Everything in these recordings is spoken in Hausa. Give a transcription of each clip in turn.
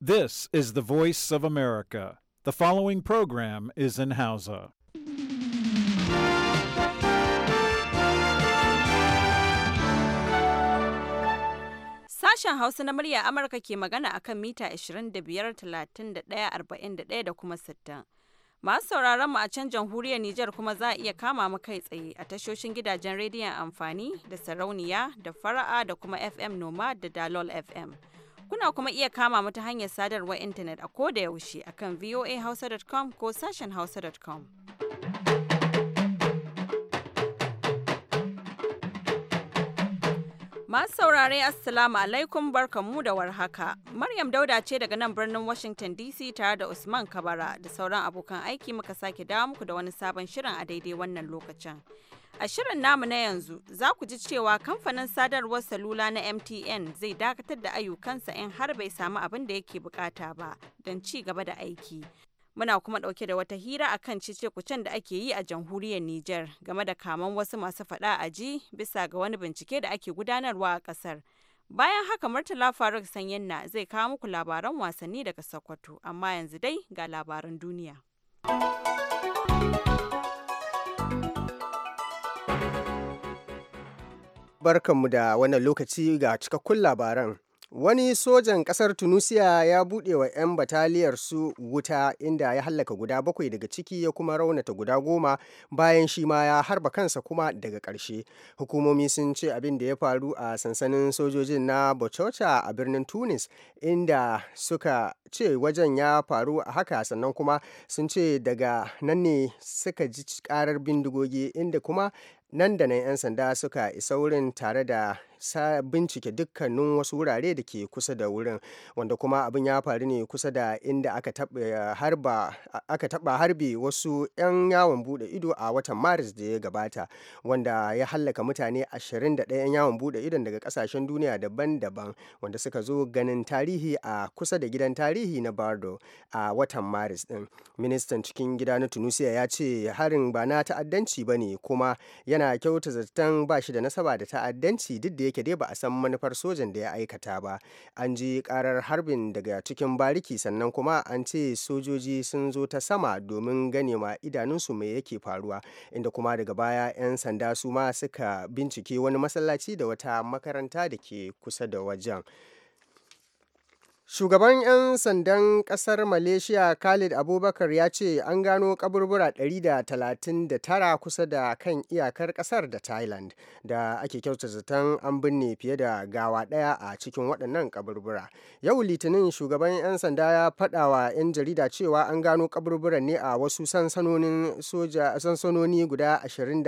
This is the voice of America. The following program is in Hausa. Sashen Hausa na murya Amurka ke magana akan mita 25, 31, da kuma 60. Masu sauraron mu a can jamhuriyar Nijar kuma za a iya kama mu kai tsaye a tashoshin gidajen rediyon amfani da sarauniya da fara'a da kuma FM Noma da Dalol FM. Kuna kuma iya kama mu ta hanyar sadarwar intanet a koda yaushe akan voahausa.com ko sashen hausa.com. Masu saurare Assalamu alaikum mu da warhaka. Maryam Dauda ce daga nan birnin Washington DC tare da Usman Kabara da sauran abokan aiki muka sake dawo muku da wani sabon shirin a daidai wannan lokacin. A shirin namu na yanzu za ku ji cewa kamfanin sadarwar salula na MTN zai dakatar da ayyukansa in har bai samu abin da yake bukata ba don ci gaba da aiki. Muna kuma dauke da wata hira a kan cice kucen da ake yi a jamhuriyar Nijar game da kaman wasu masu fada a ji bisa ga wani bincike da ake gudanarwa a kasar Bayan haka Murtala Faruk Sanyanna zai kawo muku labaran wasanni daga Sokoto, amma yanzu dai ga labaran duniya. Barkanmu da wannan lokaci ga cikakkun labaran. Wani sojan ƙasar tunisia ya buɗe wa 'yan bataliyar su wuta inda ya hallaka guda bakwai daga ciki ya kuma raunata guda goma bayan shi ma ya harba kansa kuma daga ƙarshe. Hukumomi sun ce abin da ya faru a sansanin sojojin na Bochota a birnin Tunis inda suka ce wajen ya faru a haka sannan kuma sun ce daga nan ne suka ji karar bindigogi inda kuma nan da nan 'yan sanda suka isa wurin tare da sa bincike dukkanin wasu wurare da ke kusa da wurin wanda kuma abin ya faru ne kusa da inda aka taba eh, harbi wasu 'yan yawon bude ido a watan maris da ya gabata wanda ya hallaka mutane 21 'yan yawon bude idon daga kasashen duniya daban-daban wanda suka zo ganin tarihi a kusa da gidan tarihi na bardo a watan maris din ministan cikin gida na tunisia ya ce harin ba na ta'addanci ba ne kuma yana kyauta zaton ba shi da nasaba da ta'addanci duk da yake dai ba a san manufar sojan da ya aikata ba an ji karar harbin daga cikin bariki sannan kuma an ce sojoji sun zo ta sama domin gane ma idanunsu me yake faruwa inda kuma daga baya 'yan sanda su ma suka bincike wani masallaci da wata makaranta da ke kusa da wajen Shugaban 'yan sandan kasar Malaysia Khalid Abubakar ya ce an gano kaburbura 139 kusa da kan iyakar kasar da Thailand da ake kyauta zaton an binne fiye da gawa ɗaya a cikin waɗannan kaburbura. Yau Litinin shugaban 'yan sanda ya faɗa 'yan jarida cewa an gano kaburburan ne a wasu sansanonin guda sansanoni guda 28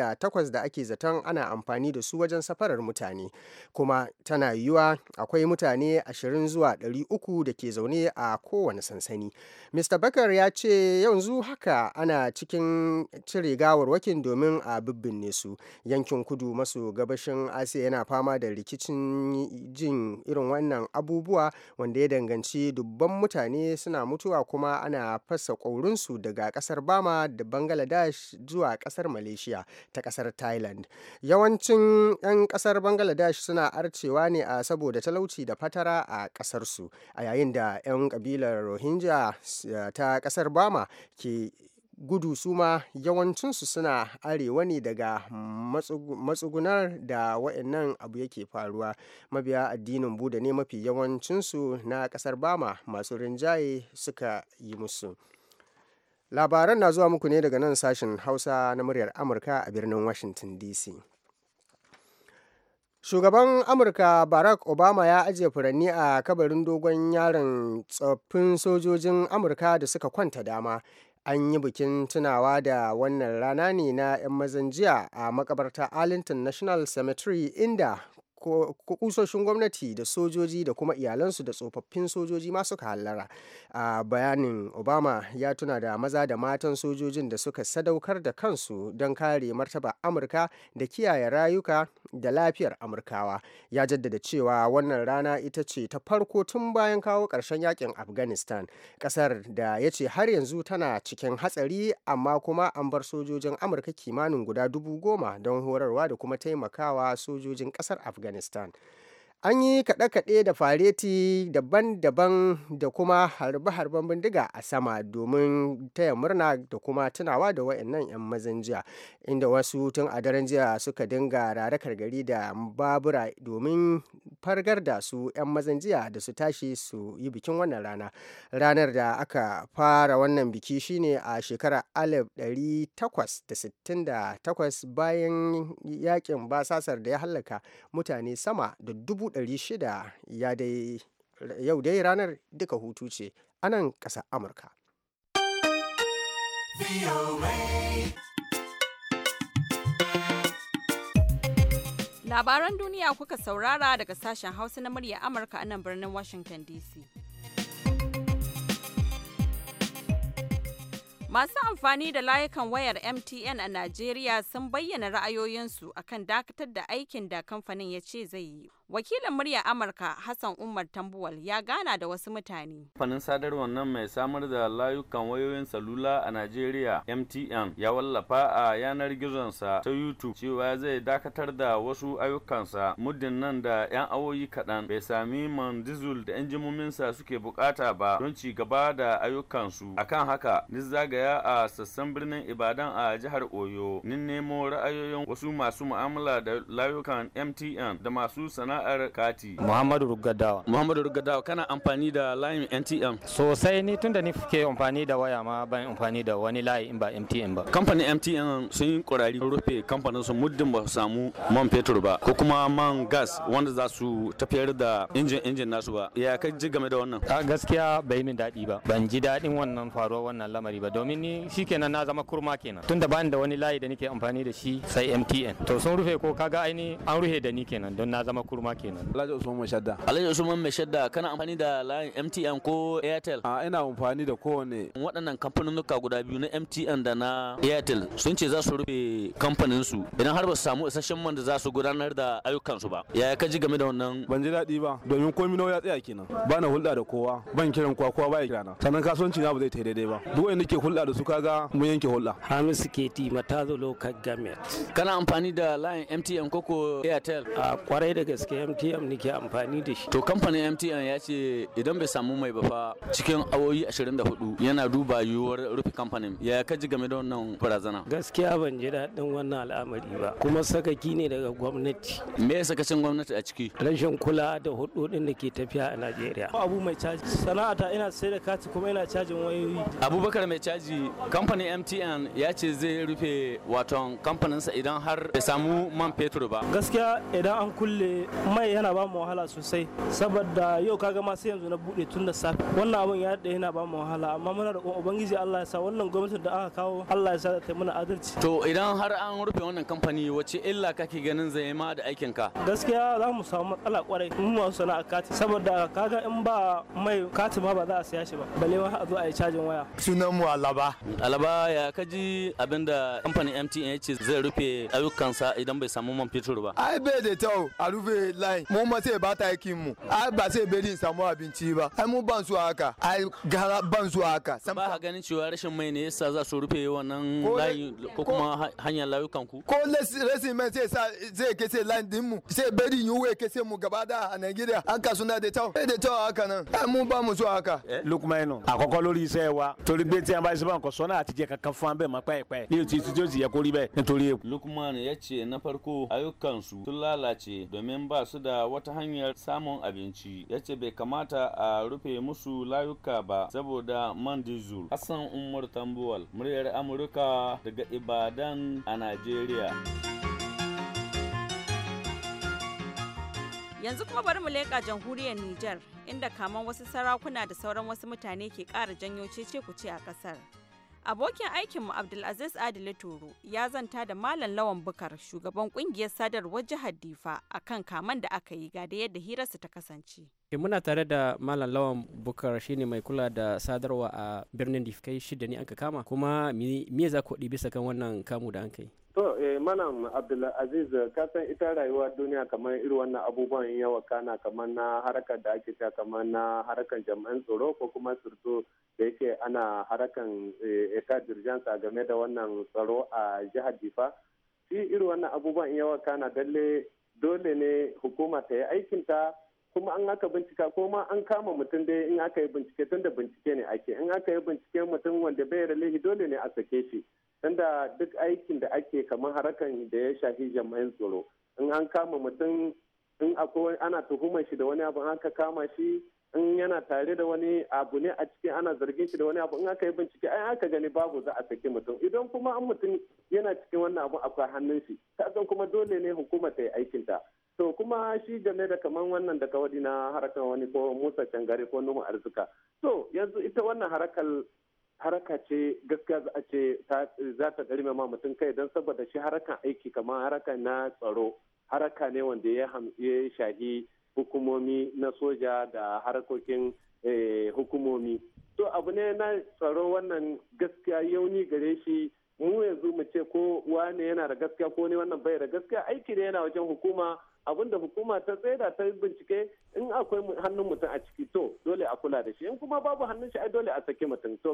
da ake zaton ana amfani da su wajen safarar mutane kuma tana yiwuwa akwai mutane 20 zuwa 300 uku da ke zaune a kowane sansani mr bakar ya ce yanzu haka ana cikin cire gawarwakin domin a bibbinne su yankin kudu maso gabashin asiya yana fama da rikicin jin irin wannan abubuwa wanda ya danganci dubban mutane suna mutuwa kuma ana fasa ƙaurinsu daga ƙasar bama da bangladesh zuwa ƙasar malaysia ta ƙasar thailand yawancin 'yan ƙasar bangladesh suna arcewa ne a saboda talauci da fatara a ƙasarsu a yayin da 'yan kabilar rohingya eh, ta kasar bama ke gudu suma yawancinsu suna arewa ne daga matsugunar da wa'annan abu yake faruwa mabiya addinin buda ne mafi yawancinsu na kasar bama masu rinjaye suka yi musu labaran na zuwa muku ne daga nan sashen hausa na muryar amurka a birnin washington dc Shugaban Amurka Barack Obama ya ajiye furanni a kabarin dogon yaron tsoffin sojojin Amurka da suka kwanta dama. An yi bikin tunawa da wannan rana ne na 'yan mazan jiya a makabarta Arlington National Cemetery inda kusoshin gwamnati da sojoji da kuma iyalansu da tsofaffin sojoji ma suka hallara a bayanin obama ya tuna da maza da matan sojojin da suka sadaukar da kansu don kare martaba amurka da kiyaye rayuka da lafiyar amurkawa ya jaddada cewa wannan rana ita ce ta farko tun bayan kawo ƙarshen yakin afghanistan ƙasar da ya ce har yanzu tana cikin hatsari amma kuma an bar sojojin amurka kimanin guda dubu goma don horarwa da kuma taimakawa sojojin ƙasar afghanistan Afghanistan. an yi kaɗe-kaɗe da fareti daban-daban da kuma harbe-harben bindiga a sama domin taya murna da kuma tunawa da wa'annan 'yan mazan jiya inda wasu tun a daren jiya suka dinga rarakar gari da babura domin fargar da su 'yan mazan jiya da su tashi su yi bikin wannan rana ranar da aka fara wannan biki shine a shekarar 1868 bayan yakin basasar da ya hallaka mutane sama da dubu 600 ya dai yau dai ranar duka hutu ce a nan ƙasar amurka labaran duniya kuka saurara daga sashen hausa na murya amurka a nan birnin washington dc Masu amfani da layukan wayar MTN a Najeriya sun bayyana ra'ayoyinsu akan dakatar da aikin da kamfanin ya ce zai yi. Wakilin murya Amurka Hassan Umar Tambuwal ya gana da wasu mutane. kamfanin sadarwar nan mai samar da layukan wayoyin salula a Najeriya MTN ya wallafa a yanar gizonsa ta YouTube cewa zai dakatar da wasu ayyukansa muddin nan da 'yan awoyi kaɗan bai sami man dizul da injimominsa suke bukata ba don ci gaba da ayyukansu. Akan haka, ni zagaya a sassan birnin Ibadan a jihar Oyo, ni nemo ra'ayoyin wasu masu mu'amala da layukan MTN da masu sana'a kati muhammadu rugadawa muhammadu rugadawa kana amfani da layin mtm sosai ni tunda ni ke amfani da waya ma ban amfani da wani layi in ba mtm ba kamfanin mtm sun yi kurari rufe kamfanin su muddin ba samu man fetur ba ko kuma man gas wanda za su tafiyar da injin injin nasu ba ya ka ji game da wannan a gaskiya bai min daɗi ba ban ji daɗin wannan faruwar wannan lamari ba domin ni shikenan na zama kurma kenan tunda bani da wani layi da nike amfani da shi sai mtn to sun rufe ko kaga aini an rufe da ni kenan don na zama kurma ma kenan Alhaji Usman Mashadda Alhaji Usman Mashadda kana amfani da layin MTN ko Airtel a ina amfani da kowane waɗannan kamfanonuka guda biyu na MTN da na Airtel sun ce za su rufe kamfanin su idan har ba su samu isasshen man da za su gudanar da ayyukan su ba yaya ka ji game da wannan ban ji daɗi ba domin komai nawa ya tsaya kenan ba na hulɗa da kowa ban kiran kowa kowa ba ya kirana sannan kasuwanci na ba zai ta daidai ba duk wanda ke hulɗa da su kaga mun yanke hulɗa Hamisu Keti Matazo Local Gamet kana amfani da layin MTN koko Airtel a kwarai da gaske mtm ke amfani da shi to kamfanin mtn ya ce idan bai samu mai ba fa cikin awoyi 24 yana duba yiwuwar rufe kamfanin ya ka ji game da wannan barazana gaskiya ban ji daɗin wannan al'amari ba kuma sakaki ne daga gwamnati me ya sakacin gwamnati a ciki rashin kula da hudodin da ke tafiya a najeriya abu mai caji sana'ata ina sai da kati kuma ina cajin wayoyi abubakar mai caji kamfanin mtn ya ce zai rufe waton kamfaninsa idan har bai samu man fetur ba gaskiya idan an kulle mai yana ba mu wahala sosai saboda yau kaga ma sai yanzu na bude tun da safe wannan abun ya daɗe yana ba mu wahala amma muna da ubangiji Allah ya sa wannan gwamnatin da aka kawo Allah ya sa ta mana adalci to idan har an rufe wannan kamfani wace illa kake ganin zai ma da aikin ka gaskiya za mu samu matsala kwarai mu masu sana'a kati saboda kaga in ba mai kati ma ba za a siya shi ba bale ma a zo a yi cajin waya sunan mu Alaba Alaba ya kaji abinda kamfanin MTN ya ce zai rufe ayyukansa idan bai samu man fitur ba ai bai da tau a rufe wallahi mu ma sai bata aikin mu ai ba sai bari samu abinci ba ai mu ban su haka ai gara ban su haka ba ha ganin cewa rashin mai ne yasa za su rufe wannan layi ko kuma hanyar layukan ku ko rashin mai sai sa zai ke sai din mu sai bari yi wai ke mu gaba da a Nigeria an ka suna da tau da tau haka nan ai mu ba mu su haka eh, Lukman àkọ́kọ́ lórí iṣẹ́ wa torí a bá ṣe bá nǹkan sọ́nà na farko ayyukansu sun lalace domin ba basu su da wata hanyar samun abinci ya ce bai kamata a rufe musu layuka ba saboda man diesel hassan umar tambuwal muryar amurka daga ibadan a nigeria. yanzu kuma bari mu leƙa jamhuriyar niger inda kaman wasu sarakuna da sauran wasu mutane ke ƙara janyo ku ce a ƙasar Abokin aikinmu Abdulaziz Adili Toro ya zanta da Malam Lawan Bukar shugaban kungiyar sadarwar jihar Difa akan kaman da aka yi ga da yadda hirarsa ta kasance. muna tare da malam lawan bukar shine mai kula da sadarwa a birnin da kai shida ne aka kama kuma me za ku bisa kan wannan kamu da an kai to eh manam abdulaziz ka san ita rayuwa duniya kamar irin wannan abubuwan yawa kana kamar na harakar da ake ta kamar na harakan jami'an tsaro ko kuma surto da yake ana harakan eh, eta dirjansa game da wannan tsaro a jihar difa shi irin wannan abubuwan yawa kana dalle dole ne hukuma ta yi aikinta kuma an aka bincika ko ma an kama mutum dai in aka yi bincike tun da bincike ne ake in aka yi bincike mutum wanda bai da laifi dole ne a sake shi tunda duk aikin da ake kamar harakan da ya shafi jama'in tsaro in an kama mutum in akwai ana tuhumar shi da wani abu aka kama shi in yana tare da wani abu ne a cikin ana zargin shi da wani abu in aka yi bincike ai aka gani babu za a sake mutum idan kuma an mutum yana cikin wannan abu akwai hannun shi ta kuma dole ne hukuma ta yi aikinta to kuma shi game da kaman wannan da kawadi na harakan wani ko musa cangare ko nuhu arzika to yanzu ita wannan harakal haraka ce gaskiya za a ce za ta ɗari ma mutum kai don saboda shi harakan aiki kamar haraka na tsaro haraka ne wanda ya shahi hukumomi na soja da harkokin eh, hukumomi to abu ne na tsaro wannan gaskiya yauni gare shi mu yanzu mu ce ko wane yana da gaskiya ko ne wannan bai da gaskiya aiki ne yana wajen hukuma abin da hukuma ta tsaida ta bincike in akwai hannun mutum a ciki to dole a kula da shi in kuma babu hannun shi ai dole a sake mutum to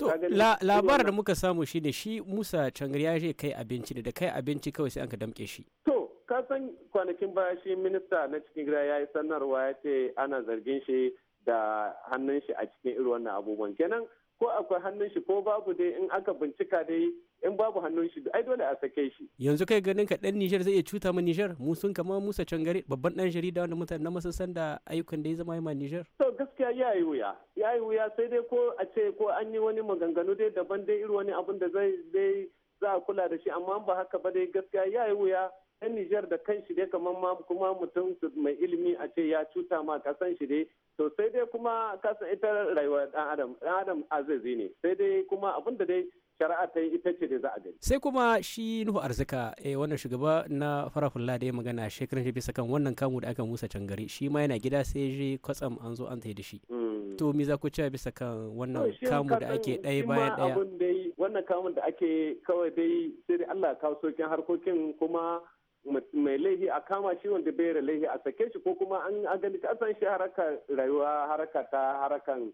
labar da muka samu shi ne shi Musa Cangari ya je kai abinci da kai abinci kawai sai an ka damke shi to ka san kwanakin baya shi minista na cikin gida ya yi sanarwa ya ce ana zargin shi da hannun shi a cikin irin wannan abubuwan kenan ko akwai hannun shi ko babu dai in aka bincika dai in babu hannun shi ai dole a sake shi yanzu kai ganin ka dan Nijar zai iya cuta ma Nijar mu sun kama Musa Cangare babban dan jarida wanda mutane na san da ayyukan da ya zama ma Nijar to gaskiya ya yi wuya ya wuya sai dai ko a ce ko an yi wani maganganu dai daban dai irin wani abun da zai zai za kula da shi amma ba haka ba dai gaskiya ya yi wuya yan Nijar da kan shi dai kamar ma kuma mutum mai ilimi a ce ya cuta ma kasan shi dai to sai dai kuma kasan ita rayuwar dan adam dan adam azizi ne sai dai kuma abin da dai shari'a ta yi ita ce da za a gani. Sai kuma shi Nuhu Arzika eh, wannan shugaba na farafulla da ya magana shekarun shi bisa kan wannan kamu da aka musa can gari shi ma yana gida sai je kwatsam an zo an da shi. Hmm. To mi za ku cewa bisa kan wannan kamu da ake ɗaya bayan ɗaya. Wannan kamun da ake kawai dai sai dai Allah ya kawo sokin harkokin kuma mai laifi a kama shi wanda bai da laifi a sake shi ko kuma an gani ta san shi haraka rayuwa haraka ta harakan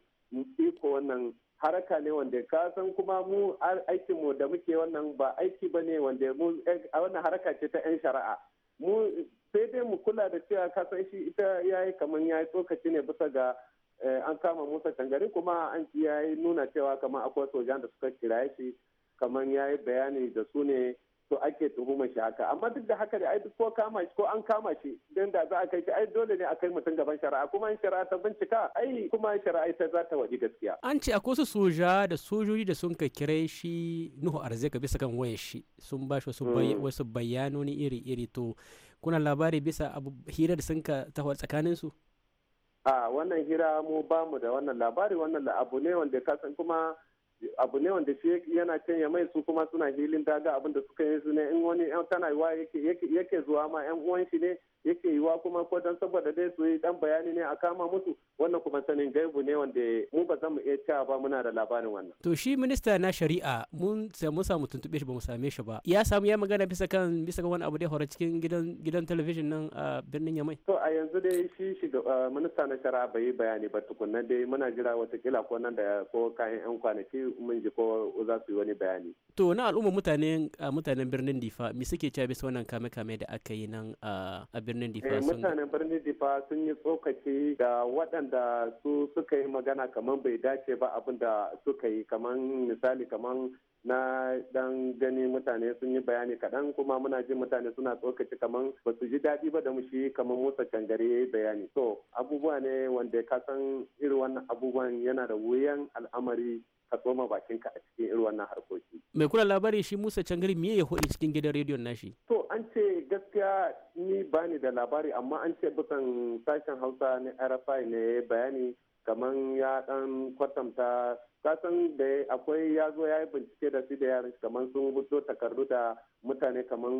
iko wannan haraka ne wanda ka san kuma mu aikin mu da muke wannan ba aiki ba ne wanda mu a wannan haraka ce ta yan shari'a mu sai dai mu kula da cewa ka san shi ita yayi kamar yayi tsokaci ne bisa ga eh, an kama Musa Tangari kuma an yayi nuna cewa kamar akwai sojan da suka kiraye shi kamar yayi bayani da su ne to ake tuhumar shi haka amma duk da haka da ai ko kama shi ko an kama shi dan da za a kai shi ai dole ne a kai mutum gaban shari'a kuma in shari'a ta bincika ai kuma shari'a ta za ta waje gaskiya an ce akwai su soja da sojoji da sun kire shi nuhu arzika bisa kan wayar shi sun ba shi hmm. wasu bayanoni iri-iri to kuna labari bisa abu hira da sun ka taho tsakanin su a wannan hira mu ba mu da wannan labari wannan abu ne wanda ka san kuma abu ne wanda shi yana canya mai su kuma suna hilin daga abin da suka yi su ne in wani yan tana yiwa yake zuwa ma yan uwan shi ne yake yiwa kuma ko dan saboda dai su yi dan bayani ne a kama musu wannan kuma sanin gaibu ne wanda mu ba za mu iya cewa ba muna da labarin wannan to shi minista na shari'a mun mun samu tuntube shi ba mu same shi ba ya samu ya magana bisa kan bisa kan wani abu dai horo cikin gidan gidan talabijin nan a birnin Yamai to a yanzu dai shi minista na shari'a bai yi bayani ba tukunna dai muna jira watakila ko nan da ko kayan yan kwanaki mun ji ko za su yi wani bayani to na al'umma mutanen mutanen birnin difa me suke cewa bisa wannan kame kame da aka yi nan a birnin difa eh, sun mutanen birnin difa sun yi tsokaci da waɗanda su suka yi magana kamar bai dace ba abin da suka yi kamar misali kamar na dan gani mutane sun yi bayani kaɗan kuma muna jin mutane suna tsokaci kamar ba su ji daɗi ba da mu shi kamar musa cangare ya yi bayani to abubuwa ne wanda ka san irin wannan abubuwan yana da wuyan al'amari ka tsoma bakinka a cikin irin wannan harkoki. Mai kula labari shi Musa Cangari me ya hoɗi cikin gidan rediyon nashi? To an ce gaskiya ni bani da labari amma an ce bisan sashen Hausa na RFI ne bayani kamar ya dan kwatanta kasan da akwai ya zo ya yi bincike da su da yare kamar sun buto takardu da mutane kamar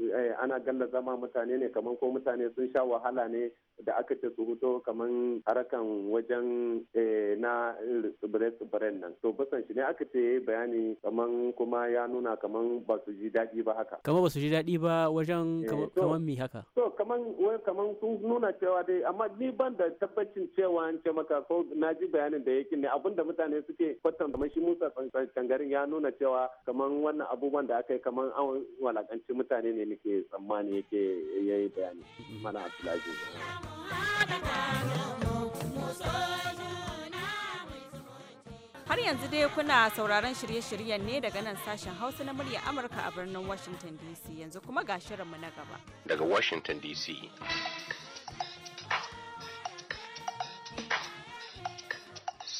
eh, ana galla zama mutane ne kamar ko mutane sun sha wahala ne da aka ce su huto kamar harakan wajen eh, na tsibire-tsibiren nan to basan shi ne aka ce bayani kamar kuma ya nuna kamar ba su ji daɗi ba haka kamar ba su ji daɗi ba wajen eh, kamar mi haka to kamar kamar sun nuna cewa dai amma ni ban da tabbacin cewa an ce maka ko na ji bayanin da yake ne abinda mutane suke ne kwatan kamar shi musa sangarin ya nuna cewa kamar wannan abubuwan da aka yi kamar an walakanci mutane ne nake tsammani yake yayi bayani mana abdullahi Har yanzu dai kuna sauraron shirye-shiryen ne daga nan sashen Hausa na murya Amurka a birnin Washington DC yanzu kuma ga shirinmu na gaba. Daga Washington DC.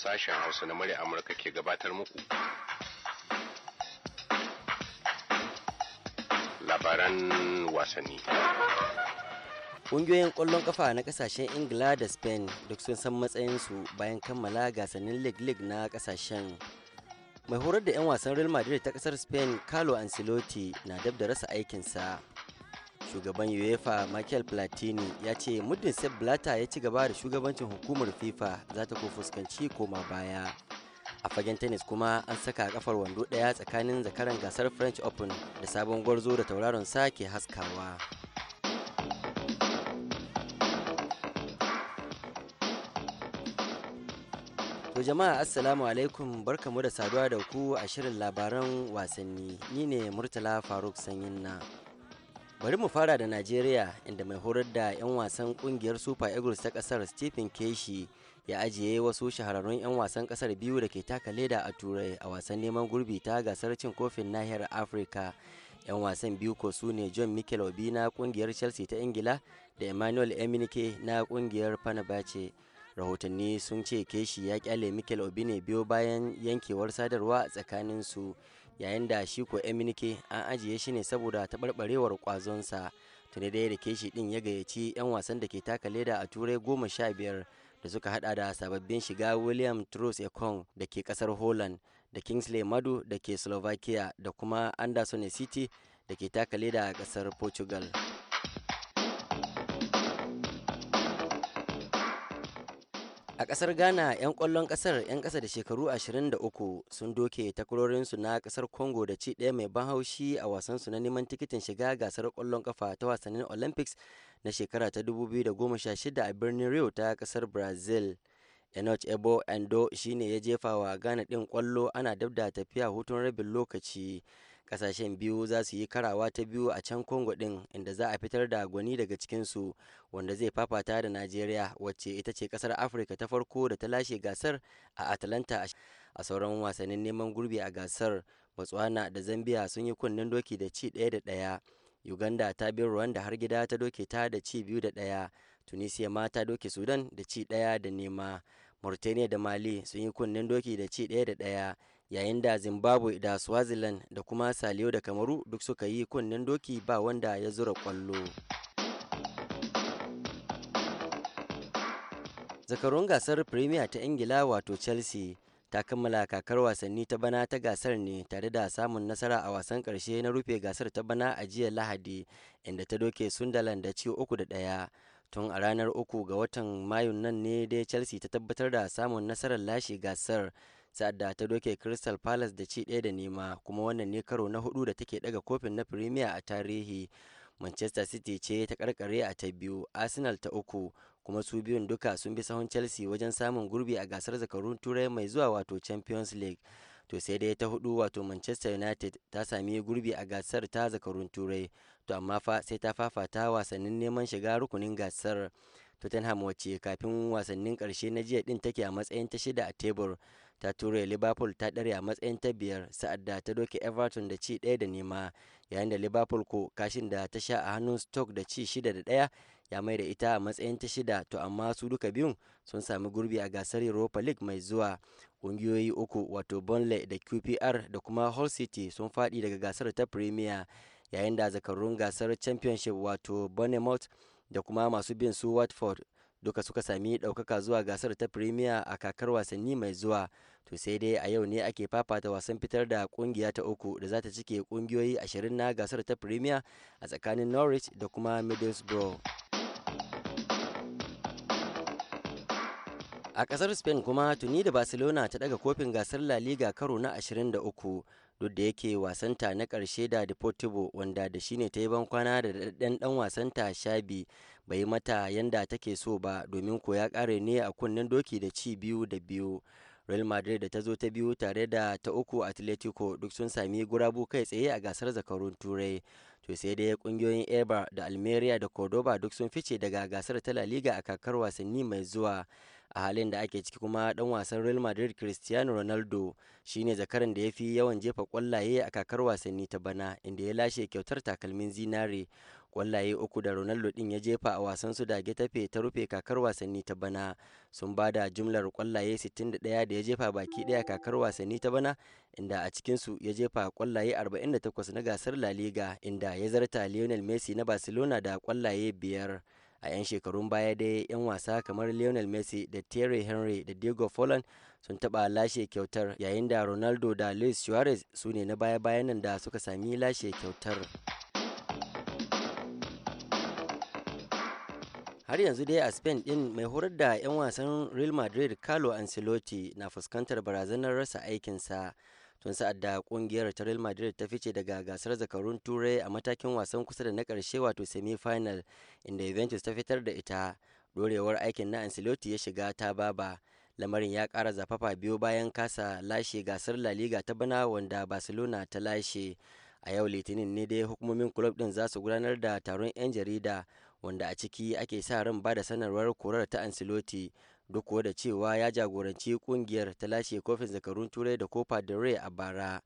sashen Hausa na murya Amurka ke gabatar muku. Labaran wasanni. Ƙungiyoyin ƙwallon ƙafa na ƙasashen Ingila da Spain duk sun san matsayinsu bayan kammala gasannin League League na ƙasashen. Mai horar da 'yan wasan Real Madrid ta ƙasar Spain, Carlo Ancelotti na dab da rasa aikinsa. shugaban uefa michael platini ya ce muddin sepp blatter ya ci gaba da shugabancin hukumar fifa za ta ko fuskanci koma baya a fagen tennis kuma an saka kafar wando daya tsakanin zakaran gasar french open da sabon gwarzo da tauraron sa ke haskawa To jama'a assalamu alaikum barkamu da saduwa da ku a shirin labaran wasanni ni ne murtala faruk sanyin na bari mu fara da najeriya inda mai horar da 'yan wasan kungiyar super eagles ta kasar stephen keshi ya ajiye wasu shahararrun 'yan wasan kasar biyu da ke taka leda a turai a wasan neman gurbi ta gasar cin kofin nahiyar afirka 'yan wasan biyu ko su ne john mikel obi na kungiyar chelsea ta ingila da emmanuel eminike na kungiyar panabace rahotanni sun ce keshi ya kyale mikel obi ne biyo bayan yankewar sadarwa tsakaninsu su yayin da shi ko eminike an ajiye shi ne saboda taɓarɓarewar ƙwazonsa tuni dai da keshi ɗin ya gayyaci 'yan wasan da ke taka leda a turai goma sha biyar da suka hada da sababbin shiga william truss ekong da ke kasar holland da kingsley madu da ke slovakia da kuma anderson city da ke taka leda a kasar portugal A ƙasar Ghana, 'yan ƙwallon ƙasar 'yan ƙasa da shekaru 23 sun doke takwarorinsu na ƙasar Congo da ci ɗaya mai ban haushi a wasansu na neman tikitin shiga gasar ƙwallon ƙafa ta wasannin Olympics na shekara ta 2016 a birnin Rio ta kasar Brazil. Enoch Ebo Endo shine ya jefa wa Ghana ɗin ƙwallo ana dab da tafiya hutun rabin lokaci. kasashen biyu za su yi karawa ta biyu a can congo din inda za a fitar da gwani daga cikinsu wanda zai fafata da najeriya wacce ita ce kasar afirka ta farko da ta lashe gasar a atalanta a sauran wasannin neman gurbi a gasar botswana da zambia sun yi kunnen doki da ci ɗaya da ɗaya uganda ta bi rwanda har gida ta doke ta da ci biyu da ɗaya tunisia ma ta doke sudan da ci ɗaya da nema mauritania da mali sun yi kunnen doki da ci ɗaya da ɗaya yayin da zimbabwe da swaziland da kuma saliyo da kamaru duk suka yi kunnen doki ba wanda ya zura kwallo zakarun gasar premier ta ingila wato chelsea ta kammala kakar wasanni ta bana ta gasar ne tare da samun nasara a wasan karshe na rufe gasar ta bana a jiya lahadi inda ta doke sundalan da ci uku da daya tun a ranar uku ga watan mayun nan ne dai chelsea ta tabbatar da samun nasarar lashe gasar sa'ad da ta doke crystal palace da ci ɗaya da nema kuma wannan ne karo na hudu da take daga kofin na premier a tarihi manchester city ce ta karkare a ta biyu arsenal ta uku kuma su biyun duka sun bi sahun chelsea wajen samun gurbi a gasar zakarun turai mai zuwa wato champions league to sai dai ta hudu wato manchester united ta sami gurbi a gasar ta zakarun turai to amma fa sai ta fafata wasannin neman shiga rukunin gasar tottenham wace kafin wasannin karshe na jiya din take a matsayin ta shida a tebur ta ture liverpool ta ɗare a matsayin ta biyar sa'ad da ta doke everton da ci ɗaya da nema yayin da liverpool ko kashin da ta sha a hannun stoke da ci shida da ɗaya ya mai da ita a matsayin ta shida to amma su duka biyun sun sami gurbi a gasar europa league mai zuwa ƙungiyoyi uku wato burnley da qpr da kuma hull city sun faɗi daga gasar ta premier yayin da zakarun gasar championship wato bournemouth da kuma masu bin su watford duka suka sami ɗaukaka zuwa gasar ta Premier a kakar wasanni mai zuwa to sai dai a yau ne ake fafata wasan fitar da kungiya ta uku da za ta cike kungiyoyi ashirin na gasar ta Premier a tsakanin Norwich da kuma Middlesbrough. A kasar Spain kuma tuni da Barcelona ta daga kofin gasar La Liga karo na 23 duk da yake wasanta na karshe da Deportivo wanda da shine ta yi bankwana da dan wasanta Shabi bai mata yanda take so ba domin ko ya kare ne a kunnen doki da ci biyu da biyu real madrid da ta zo ta biyu tare da ta uku atletico duk sun sami gurabu kai tsaye a gasar zakarun turai to sai dai kungiyoyin ebar da almeria da cordoba duk sun fice daga gasar ta la liga a kakar wasanni mai zuwa a halin da ake ciki kuma dan wasan real madrid cristiano ronaldo shine zakaran da ya fi yawan jefa kwallaye a kakar wasanni ta bana inda ya lashe kyautar takalmin zinare kwallaye uku da ronaldo din ya jefa a wasan su da getafe ta rufe kakar wasanni ta bana sun ba da jumlar kwallaye 61 da ya jefa baki daya kakar wasanni ta bana inda a cikinsu ya jefa kwallaye 48 na gasar la liga inda ya zarta lionel messi na barcelona da kwallaye biyar a 'yan shekarun baya dai 'yan wasa kamar lionel messi da terry henry da diego forlan sun taba lashe kyautar yayin da ronaldo da luis suarez su ne na baya-bayan nan da suka sami lashe kyautar har yanzu dai a spain din mai horar da 'yan wasan real madrid carlo ancelotti na fuskantar barazanar rasa aikinsa tun sa'ad da kungiyar ta real madrid ta fice daga gasar zakarun turai a matakin wasan kusa da na karshe wato semi-final inda juventus ta fitar da ita dorewar aikin na ancelotti ya shiga ta baba lamarin ya kara zafafa biyu bayan kasa lashe gasar la liga ta bana wanda barcelona ta lashe a yau litinin ne dai hukumomin club din za su gudanar da taron 'yan jarida wanda a ciki ake sa ran ba da sanarwar korar ta ansiloti duk da cewa ya jagoranci kungiyar ta lashe kofin zakarun turai da Copa da rai a bara.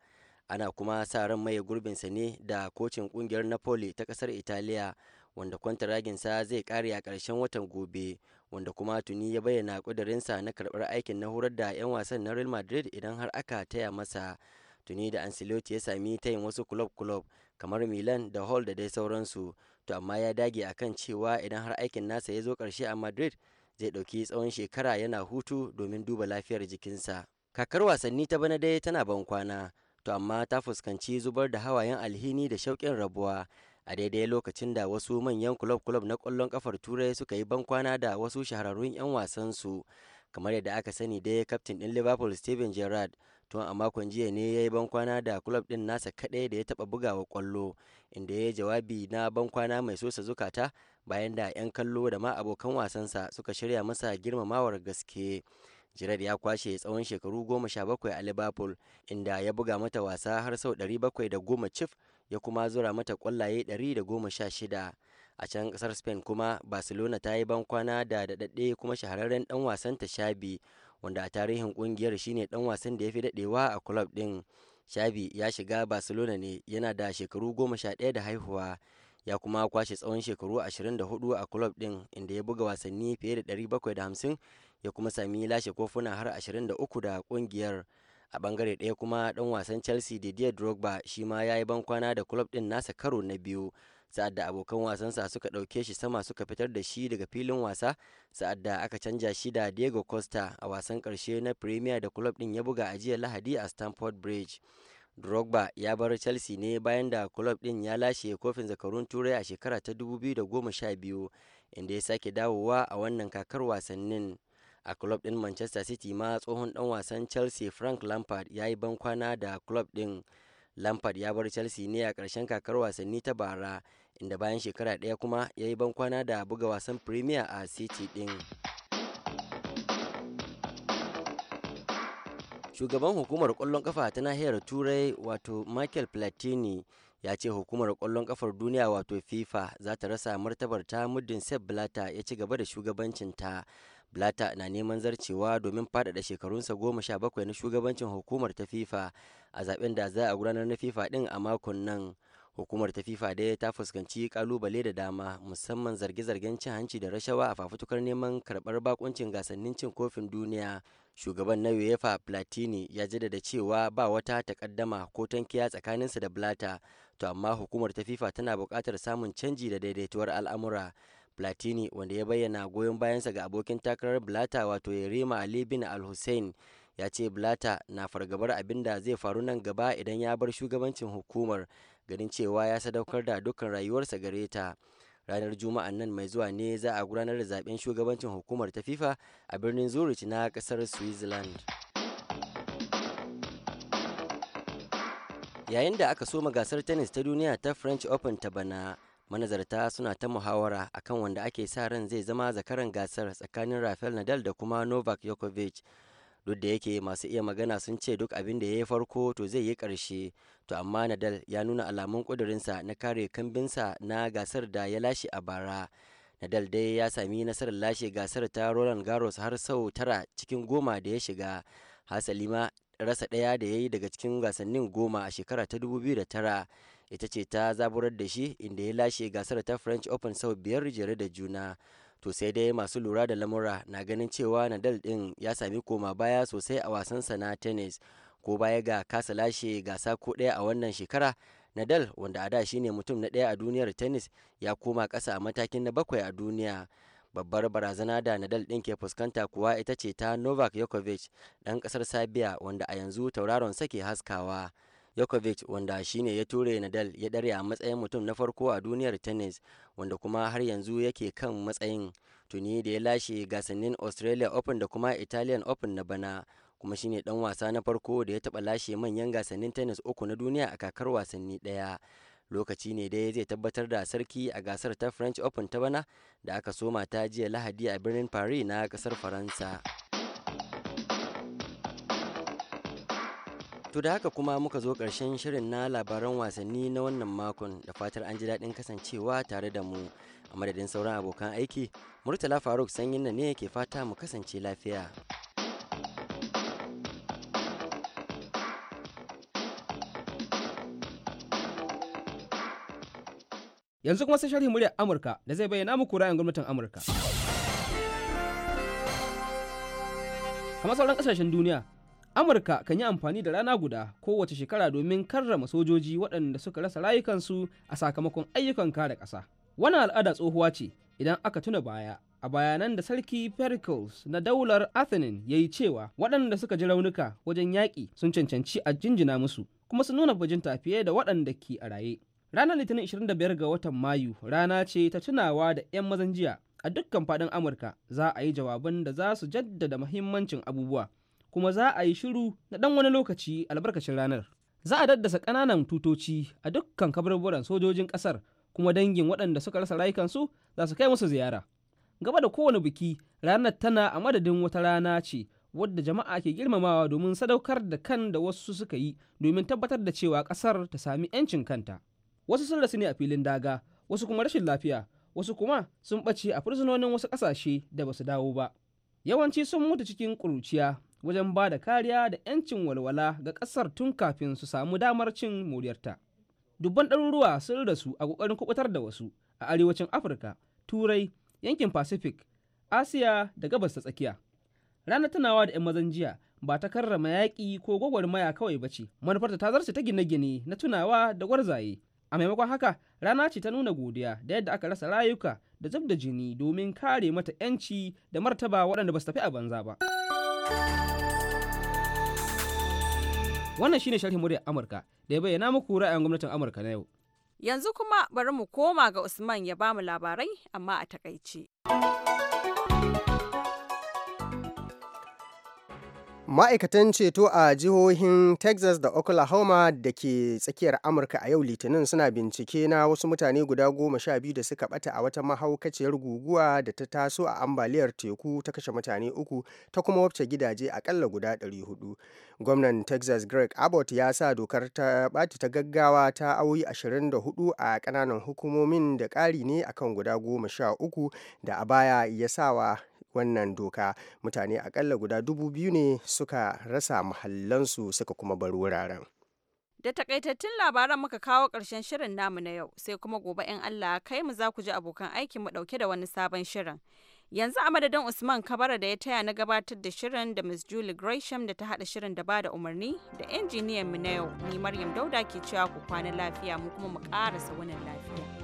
Ana kuma sa ran maye gurbinsa ne da kocin kungiyar Napoli ta kasar Italiya wanda kwantaraginsa zai kare a ƙarshen watan gobe wanda kuma tuni ya bayyana ƙudurinsa na karɓar aikin na horar da 'yan wasan na Real Madrid idan har aka taya masa. tuni da Ancelotti ya sami tayin wasu kulob-kulob kamar Milan da Hall da dai sauransu to amma ya dage a kan cewa idan har aikin nasa ya zo ƙarshe a Madrid zai ɗauki tsawon shekara yana hutu domin duba lafiyar jikinsa. Kakar wasanni ta bana dai tana ban kwana to amma ta fuskanci zubar da hawayen alhini da shauƙin rabuwa a daidai lokacin da wasu manyan kulob-kulob na ƙwallon ƙafar turai suka yi bankwana da wasu shahararrun 'yan wasansu kamar yadda aka sani dai kaftin ɗin liverpool steven gerrard tun a makon jiya ne ya yi bankwana da kulob din nasa kaɗai da ya taɓa bugawa kwallo inda ya yi jawabi na bankwana mai sosa zukata bayan da 'yan kallo da ma abokan wasansa suka shirya masa girmamawar gaske Gerard ya kwashe tsawon shekaru goma sha bakwai a Liverpool inda ya buga mata wasa har sau ɗari bakwai da goma cif ya kuma zura mata kwallaye ɗari da goma sha shida. A can kasar Spain kuma Barcelona ta yi bankwana da daɗaɗɗe kuma shahararren ɗan wasan ta Shabi wanda a tarihin kungiyar shine dan wasan da ya fi dadewa a club din shabi ya shiga barcelona ne yana da shekaru goma sha ɗaya da haihuwa ya kuma kwashe tsawon shekaru 24 a club din inda ya buga wasanni fiye da 750 ya kuma sami lashe kofuna har 23 da kungiyar a bangare ɗaya kuma dan wasan chelsea didier drogba shi ma ya yi bankwana da club din nasa karo na biyu sa'ad da abokan wasansa suka ɗauke shi sama suka fitar da shi daga filin wasa sa'ad da aka canja shi da Diego Costa a wasan ƙarshe na Premier da club ɗin ya buga a jiya Lahadi a Stamford Bridge. Drogba ya bar Chelsea ne bayan da club ɗin ya lashe kofin zakarun Turai a shekara ta 2012 inda ya sake dawowa a wannan kakar wasannin. A club ɗin Manchester City ma tsohon ɗan wasan Chelsea Frank Lampard ya yi bankwana da club ɗin. Lampard ya bar Chelsea ne a ƙarshen kakar wasanni ta bara inda bayan shekara ɗaya kuma ya yi bankwana da buga wasan premier a city ɗin shugaban hukumar kwallon kafa ta nahiyar turai wato michael platini ya ce hukumar kwallon kafar duniya wato fifa za ta rasa martabar ta muddin sef blata ya ci gaba da shugabancinta blata na neman zarcewa domin faɗaɗa shekarunsa goma sha bakwai na shugabancin hukumar ta fifa a zaben da za a gudanar na fifa ɗin a makon nan hukumar ta fifa dai ta fuskanci kalubale da dama musamman zarge-zargen cin hanci da rashawa a fafutukar neman karɓar bakuncin gasannin cin kofin duniya shugaban na uefa platini ya jaddada cewa ba wata takaddama ko tankiya tsakaninsa da blata to amma hukumar ta fifa tana buƙatar samun canji da daidaituwar al'amura platini wanda ya bayyana goyon bayansa ga abokin takarar blata wato yarima ali bin al-hussein ya ce blata na fargabar abin da zai faru nan gaba idan ya bar shugabancin hukumar ganin cewa ya sadaukar da dukkan rayuwarsa gare ta ranar juma'a nan mai zuwa ne za a gudanar da zaben shugabancin hukumar ta fifa a birnin zurich na kasar switzerland yayin da aka soma gasar tennis ta duniya ta french open ta bana manazarta suna ta muhawara akan wanda ake sa ran zai zama zakaran gasar tsakanin rafael nadal da kuma novak yokovic duk da yake masu iya magana sun ce duk abin da ya yi farko to zai yi ƙarshe to amma nadal ya nuna alamun ƙudurinsa na kare kambinsa na gasar da ya lashe a bara nadal dai ya sami nasarar lashe gasar ta roland garros har sau tara cikin goma da ya shiga hasali ma rasa ɗaya da ya yi daga cikin gasannin goma a shekara ta 2009 ita ce ta zaburar da shi inda ya lashe gasar ta french open sau biyar jere da juna to sai dai masu lura da lamura na ganin cewa nadal din ya sami koma baya sosai a wasansa na tennis ko baya ga kasa lashe gasa ko ɗaya a wannan shekara nadal wanda a da shine mutum na ɗaya a duniyar tennis ya koma ƙasa a matakin na bakwai a duniya babbar barazana da nadal ɗin ke fuskanta kuwa ita ce ta novak yokovic ɗan ƙasar sabiya wanda a yanzu tauraron sake haskawa Djokovic wanda shine ya ture Nadal ya dare a matsayin mutum na farko a duniyar tennis wanda kuma har yanzu yake kan matsayin tuni da ya lashe gasannin Australia Open da kuma Italian Open na bana kuma shine dan wasa na farko da ya taba lashe manyan gasannin tennis uku na duniya a kakar wasanni daya. lokaci ne da ya zai tabbatar da sarki a gasar ta french open ta bana da aka soma ta jiya lahadi a birnin paris na kasar faransa To da haka kuma muka zo ƙarshen shirin na labaran wasanni na wannan makon da fatar an ji daɗin kasancewa tare da mu a madadin sauran abokan aiki Murtala Faruk sanyin na ne ke fata mu kasance lafiya. Yanzu kuma sai sharhi muryar Amurka da zai bayyana muku ra'ayin gwamnatin Amurka. Kamar sauran ƙasashen duniya, amurka kan yi amfani da rana guda kowace shekara domin karrama sojoji waɗanda suka rasa rayukansu a sakamakon ayyukan kare ƙasa wannan al'ada tsohuwa ce idan aka tuna baya a bayanan da sarki pericles na daular athenin ya yi cewa waɗanda suka ji raunuka wajen yaƙi sun cancanci a jinjina musu kuma sun nuna bajinta fiye da waɗanda ke a raye ranar litinin 25 ga watan mayu rana ce ta tunawa da 'yan mazan jiya a dukkan faɗin amurka za a yi jawaban da za su jaddada muhimmancin abubuwa kuma za a yi shiru na ɗan wani lokaci albarkacin ranar. Za a daddasa ƙananan tutoci a dukkan kaburburan sojojin ƙasar kuma dangin waɗanda suka rasa rayukansu za su kai musu ziyara. Gaba da kowane biki ranar tana a madadin wata rana ce wadda jama'a ke girmamawa domin sadaukar da kan da wasu suka yi domin tabbatar da cewa ƙasar ta sami 'yancin kanta. Wasu sun rasu ne a filin daga, wasu kuma rashin lafiya, wasu kuma sun ɓace a fursunonin wasu ƙasashe da ba su dawo ba. Yawanci sun mutu cikin ƙuruciya wajen ba da kariya da 'yancin walwala ga ƙasar tun kafin su samu damar cin moriyarta. Dubban ɗaruruwa sun rasu a ƙoƙarin kubutar da wasu a arewacin Afirka, Turai, yankin Pacific, Asiya da gabas ta tsakiya. Ranar tunawa da 'yan mazan jiya ba ta karrama yaƙi ko gwagwarmaya kawai ba ce, manufarta ta zarce ta gine-gine na tunawa da gwarzaye. A maimakon haka, rana ce ta nuna godiya da yadda aka rasa rayuka da zub da jini domin kare mata 'yanci da martaba waɗanda ba su tafi a banza ba. Wannan shine sharhin muryar Amurka da ya bayyana muku ra'ayin gwamnatin Amurka na yau. Yanzu kuma bari mu koma ga Usman ya bamu labarai amma a takaice. ma'aikatan ceto a jihohin texas da oklahoma da ke tsakiyar amurka a yau litinin suna bincike na wasu mutane guda goma sha biyu da suka bata a wata mahaukaciyar guguwa da ta taso a ambaliyar teku ta kashe mutane uku ta kuma wabce gidaje akalla guda 400 gwamnan texas greg abbott ya sa dokar ta bati ta gaggawa ta awoyi 24 a kananan hukumomin da ƙari ne akan guda goma sha uku da a baya ya sawa wannan doka mutane akalla guda dubu biyu ne suka rasa mahallansu suka kuma bar wuraren da takaitattun labaran muka kawo ƙarshen shirin namu na yau sai kuma gobe in Allah kai mu za ku ji abokan aikin mu ɗauke da wani sabon shirin yanzu a madadin Usman Kabara da ya taya na gabatar da shirin da Miss Julie Gresham da ta haɗa shirin da ba da umarni da injiniyan mu na yau ni Maryam Dauda ke cewa ku kwana lafiya mu kuma mu ƙarasa wannan lafiya